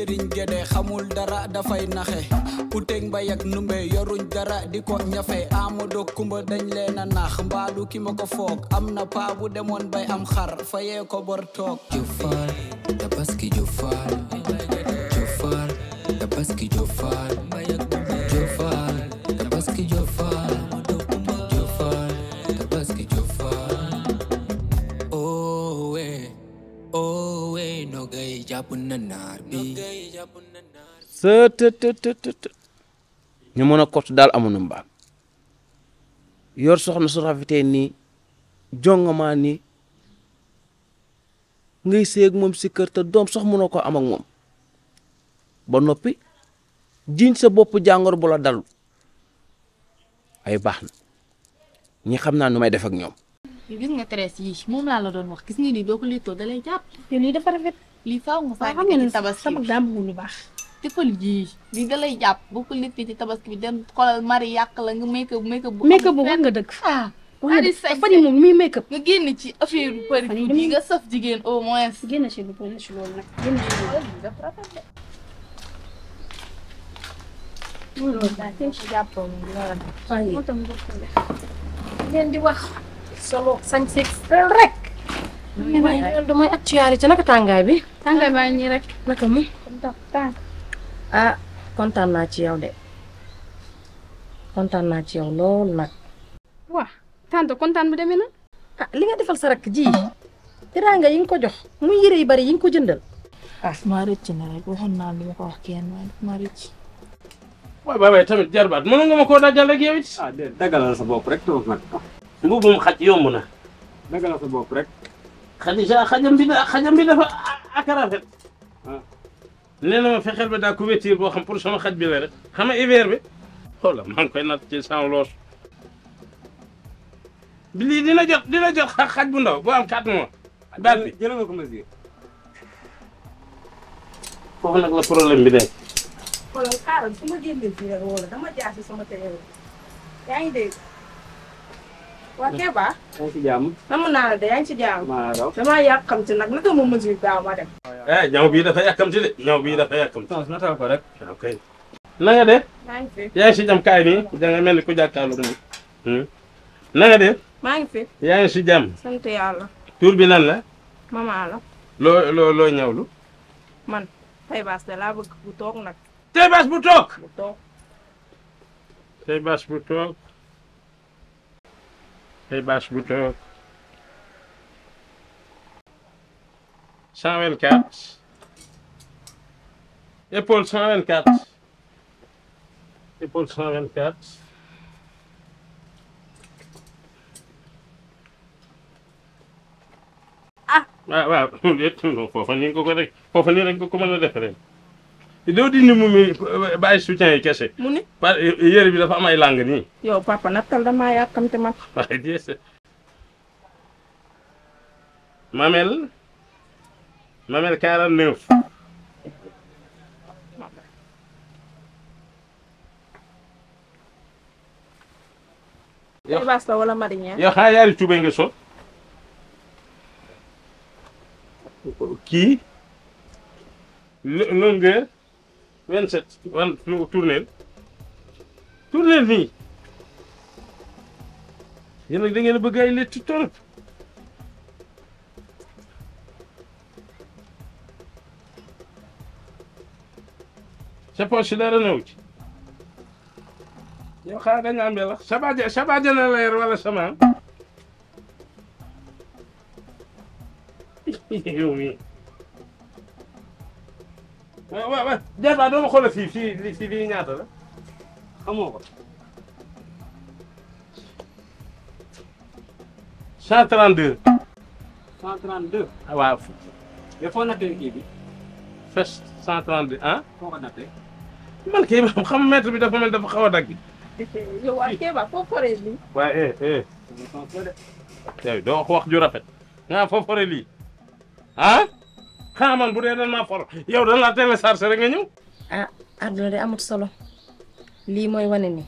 serigne gédé xamul dara dafay naxe uteg mbay ak numbé yoruñ dara di ñafé fe amado kumba dañ leen nax mbaalu ki mako ko amna pa bu bay am xar fayé ko bor toog jofal tabaski jofal jofal tabaski jofal jofal tabaski jofal tabaski jofal oh we eh. oh we eh, no gay japp sëtëtëtëtët ñu mën kott daal amuñu mbaam yor soxna su rafetee nii jongamaa nii ngay seeg moom si kër te doom sax mënoo ko am ak moom ba noppi jiñ sa bopp jàngoro bu la dalu ay baax ñi xam nu may def ak ñoom. gis nga yi la doon wax gis nga ni dafa rafet. faaw nga xam nga sama lu Tikul ji li jap, lay jàpp di ko litti ah, ci tabaski mari ya kalau make up make up make up bu ada. ah Ari sañ fan nih mau make up nga Gak soft affaire oh bëri yi nga saf jigéen sih moins génn ci lu bëri ci loolu nag génn ci loolu dafa rafet de loolu daa tey ci jàppoo moom loolu moo tam dokku def leen di wax solo sañ si rek damay actualité naka tàngaay bi tàngaay baa ngi nii rek naka mu tànk ah kontaan naa ci yow de kontaan naa ci yow lool nag. waa tante kontaan bi demee na. ah li nga defal sa rakk ji teraanga yi nga ko jo muy yére yu bari yi nga ko jëndal. ah maa rëcc na rek waxoon naa li ma ko wax kenn waaye maa rëcc. waay waay tamit jarbaat mënu nga ma koo dajal ak yow it. ah déedéet sa bopp rek toog nag. mbuubum xaj yomb na. dagalal sa bopp rek. Xadija xajam bi da xajam bi dafa nee na ma fexeel ba daa couverture boo xam pour sama xaj bi la rek xam nga bi xoola maa ngi koy natt ci loos bi lii dina jot dina jot xaj bu ndaw boo am 4 mois. baat bi nga ko mesure. foofu nag la problème bi nekk. xoolal xaaral su ma génnee fii rek wala dama jaasi sama téléphone yaa ngi dégg. waa Keba. yaa ngi ci jàmm. namu naa la de yaa ngi ci jàmm. maa raw nag naka ma mesure daaw ma eh ñaw bi dafa yàkkamti de ñaw bi dafa yàkkamti non nataal ko rek ok na nga def yaa ngi si jàmm kaay nii da nga mel ni ku jàkkaarloog ni na nga def maa ngi fi yaa ngi si jàmm sant yàlla tur bi nan la mama la loo loo loo ñawlu man tey baas da laa bëgg bu toog nag tey baas bu toog bu toog tey baas bu toog tey baas bu toog 124 épaule 124 épaule 124 ah. ah waaw waaw foofa ni ko ko rek foofa nii rek ko mën a defe rek doo dindi mu mi bàyyi soutien yi kese mu ni yére bi dafa am ay langue nii yow papa nattal damaa yàkkamte man waaye Mamel 49 Basta wala Mariña yow xanaa yaari cuube nga sol kii longueur vingt-sept wan tourneel tourneel nii yéen nag ngeen bëgg ay létt torop sa poche dara néew ci yow xaa dañ am lax sabaja sabaja na leer wala samaam yow mii waaw waaw des fois doo ma xoolal fii fii fii fii ñaata la xamoo ko 132 132 ah, waaw mais foo nattee kii bi fes 132 ah foo ko man kii ba xam maître bi dafa mel dafa xawa dag dagg. yow waa kii ba foo foree lii. waaye eh eh. doo wax ju rafet. nga foo foree lii ah. xanaa bu dee dan maa for yow dan laa téléchargé rek nga ñëw. ah de amut solo li moy wané ni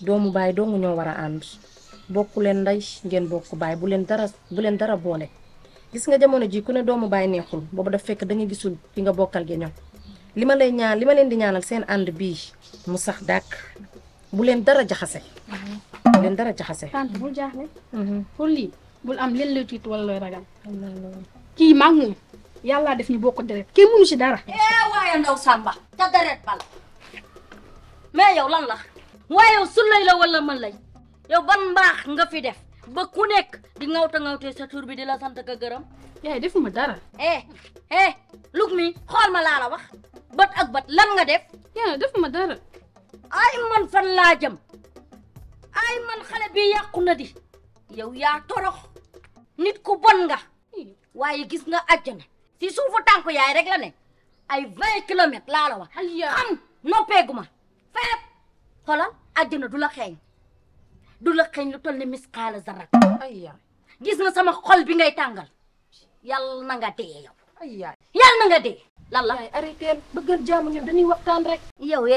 doomu do nga ñoo wara and bokku len nday ngeen bokku bay bu len dara bu len dara boone gis nga jamono ji ku ne doomu bay neexul bobu da fekk da nga gisul ki nga bokal ge ñoo li ma lay ñaan li ma leen di ñaanal seen ànd bii mu sax dàkk bu leen dara jaxase. bu dara jaxase. tante bul jaaxle. Mhm. pour lii bul am leen lay tiit wala looy ragal. kii mag moom yàlla def ñu bokk deret kii mënu si dara. eh waaye ndaw Samba. ta deret bal mais yow lan la. waaye yow sun la walla mën lay. yow ban nga fi def. ba ku nekk di ŋawta ŋawtee sa tuur bi di la sant ka gërëm. yaay defuma dara. eh eh lug xool ma laa la wax bët ak bët lan nga def. yaay defuma dara. ay man fan laa ay man xale bi yàqu na di yow yaa torox nit ku bon nga waaye gis nga àjjana si suufu tànk yaay rek la ne ay vingt kilomètres laa la wax xam noppeeguma fépp xoolal àjjana du la xeeñ du la xeeñ lu toll ne misqaala zarat ay gis nga sama xol bi ngay tàngal yàlla na nga dee yow ay yàlla dee lan la arrêté bëggal jaamu ñun dañuy waxtaan rek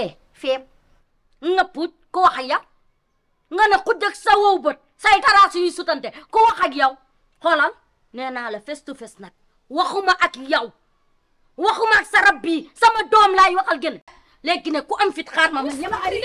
eh, feeb nga puuj ko wax ak yow nga ne xuj ak sa wow bët say taraas yuy sutante ko wax ak yow xoolal naa la face to face nag waxuma ak yow waxuma ak sa rab sama doom laay waxal gën léegi ne ku am fit xaar ma ma ñama ari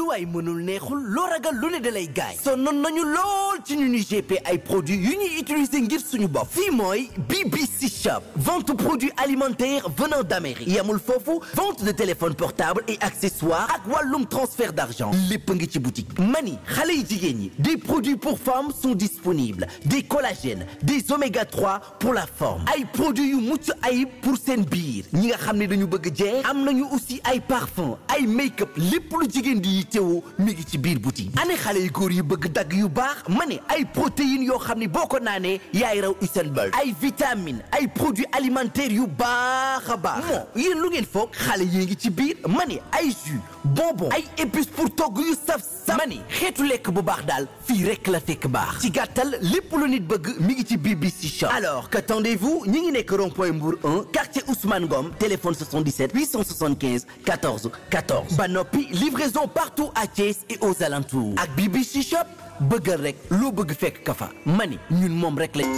lu mënul neexul lo ragal lu ne dalay gaay sonnoon nañu lool ci ñu ñuy GP ay produits yu ñuy utiliser ngir suñu bopp fii mooy BBC Shop vente produits alimentaires venant d'Amérique yamul foofu vente de téléphone portable et accessoires ak wàllum transfert d'argent lépp ngi ci boutique mani xale yi jigéen ñi des produits pour femmes sont disponibles des collagènes des oméga 3 pour la forme ay produits yu mucc ayib pour seen biir ñi nga xam ne dañu bëgg jeex am nañu aussi ay parfum ay make-up lépp lu jigéen di yittewoo mi ngi ci biir boutique bi. ane xale yu goor yu bëgg dag yu baax mané ay protéines yo xamni boko nané yaay raw Usain Bolt ay vitamines ay produits alimentaires yu baax baax. mo lu ngeen xalé yi ngi ci biir mané ay jus bonbon ay épices pour togg yu saf saf. ma ne xeetu bu baax dal fi rek la tek baax. ci gattal lepp lu nit bëgg mi ngi ci BBC Shop. alors qu'attendez-vous ñi ngi nek rond-point Mbour 1 quartier Ousmane Ngom téléphone 77 875 14 14 ba livraison partout. partout à Thiès et aux alentours ak BBC Shop bëggal rek loo bëgg fekk kafa mani ñun moom rek la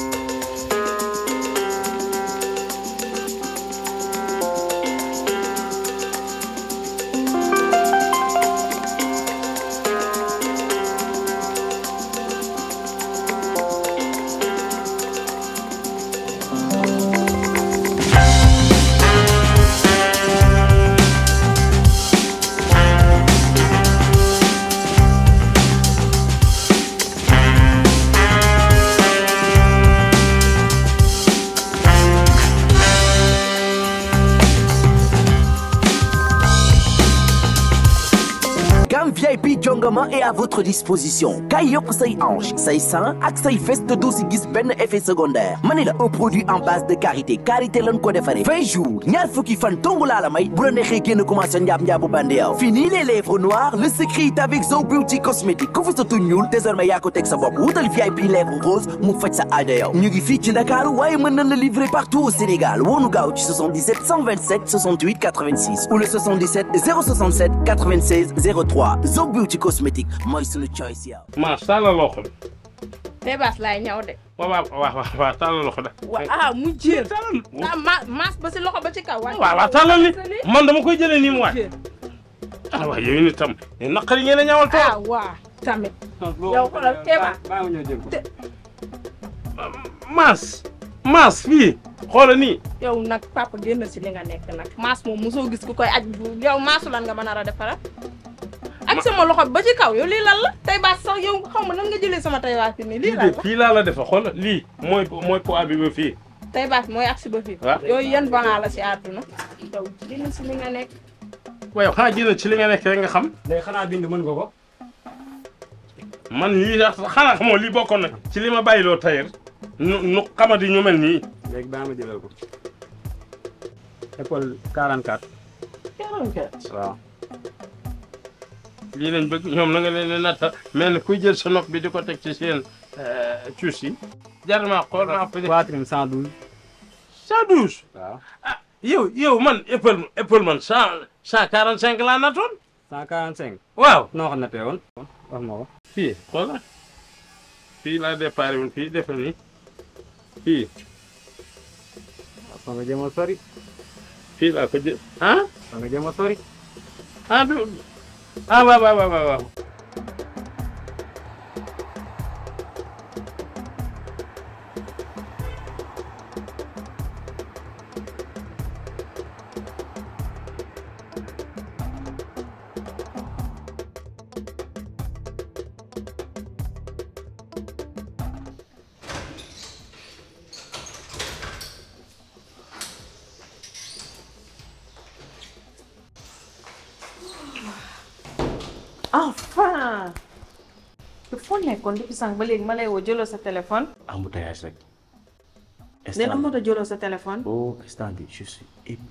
à votre disposition Kayop sey Ange. sey say ak sey veste doo gis ben effet secondaire Manila au produit en base de carité. Carité l'on ko faire. 20 jours ñaar fukki fan dong la may bu la ne génn commencé njaab njaabu fini les lèvres noires le secret est avec Zo Beauty Cosmetics. Quand vous sa tuñ ñuul désormais sa bopp le VIP lèvres roses, mu faj sa aajo yow ngi fii ci Dakar waaye livrer partout au Sénégal Wonu gaaw 77 127 68 86 ou le 77 067 96 03 Zo Beauty Cosmetics. moy suñu choice yow. ma tàllal loxo. bas lay ñaw de. wa wa wa wa tàllal loxo de. wa ah mu jël ah ma maas ba si loxo ba ci kaw. wa waaw tàllal ni man dama koy jëlee ni mu waay. ah wa yow ni tam. naqari ngeen a ñawal tool. ah wa tamit. Ah, yow jël ko mas mas fi xol ni yow nak papa génn ci li nga nek nak mas mo muso gis ku koy aj yow masu lan nga mëna ra defara ak sama loxo ba ci kaw yow lii lan la tey lii lan la fii laa mooy mooy poids ba ah. la si àdduna yow dina si xanaa jënd ci li nga xam day xanaa bind mën ko man lii sax xanaa bokkoon nag ci li ma bàyyiloo tayer nu nu xamati ñu mel nii léegi baa ma jëlal ko école 44 44 waaw lii lañ bëgg ñoom la nga leen di natta mel ni kuy jël sa nopp bi di ko teg ci seen euh, cuus jar naa xool naa cent douze. cent douze. waaw ah yow man épaule épaule man cent cent quarante cinq laa nattoon. cent quarante cinq. waaw noo ko nattee ma ko. fii xoolal fii laa déparé woon fii defe fii. Ah, fa nga jëm a fii laa ko jë ah. fa nga jëm a sori. ah Ah, va, va, va, va, va. enfin du foo nekkoon depuis sànq ba léegi ma lay woo jëloo sa téléphone. embouteillage rek. instant bii moto jëloo sa téléphone. oh instant bi je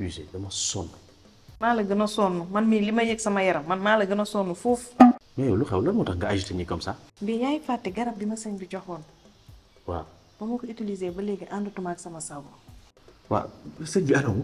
suis dama sonn. maa la gën a sonn man mii li ma yëg sama yaram man maa la gën a sonn foofu. mais lu xew lan moo tax nga agité nii comme ça. bii yaay fàtte garab bi ma sëñ bi joxoon. waaw ba ma ko utilisé ba léegi àndatuma ak sama sago. waaw sëñ bi anamu.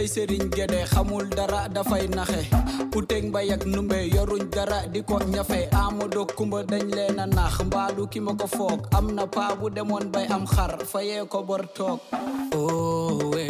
cey sëriñ Gédé xamul dara dafay naxe uteeg mbay ak numbe yoruñ dara di ko ñafe modo Kumba dañ leen a nax mbaadu ki ma ko foog am na paa bu demoon bay am xar fayee ko bor toog. Eh.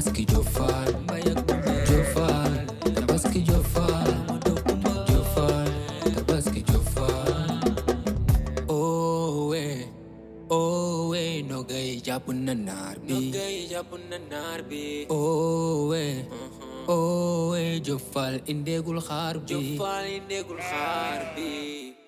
tabaski jofal jofal tabaski jofal jofal tabaski jofal owe owe nogai japun narbi nogai japun narbi owe owe jofal indegul kharbi jofal indegul kharbi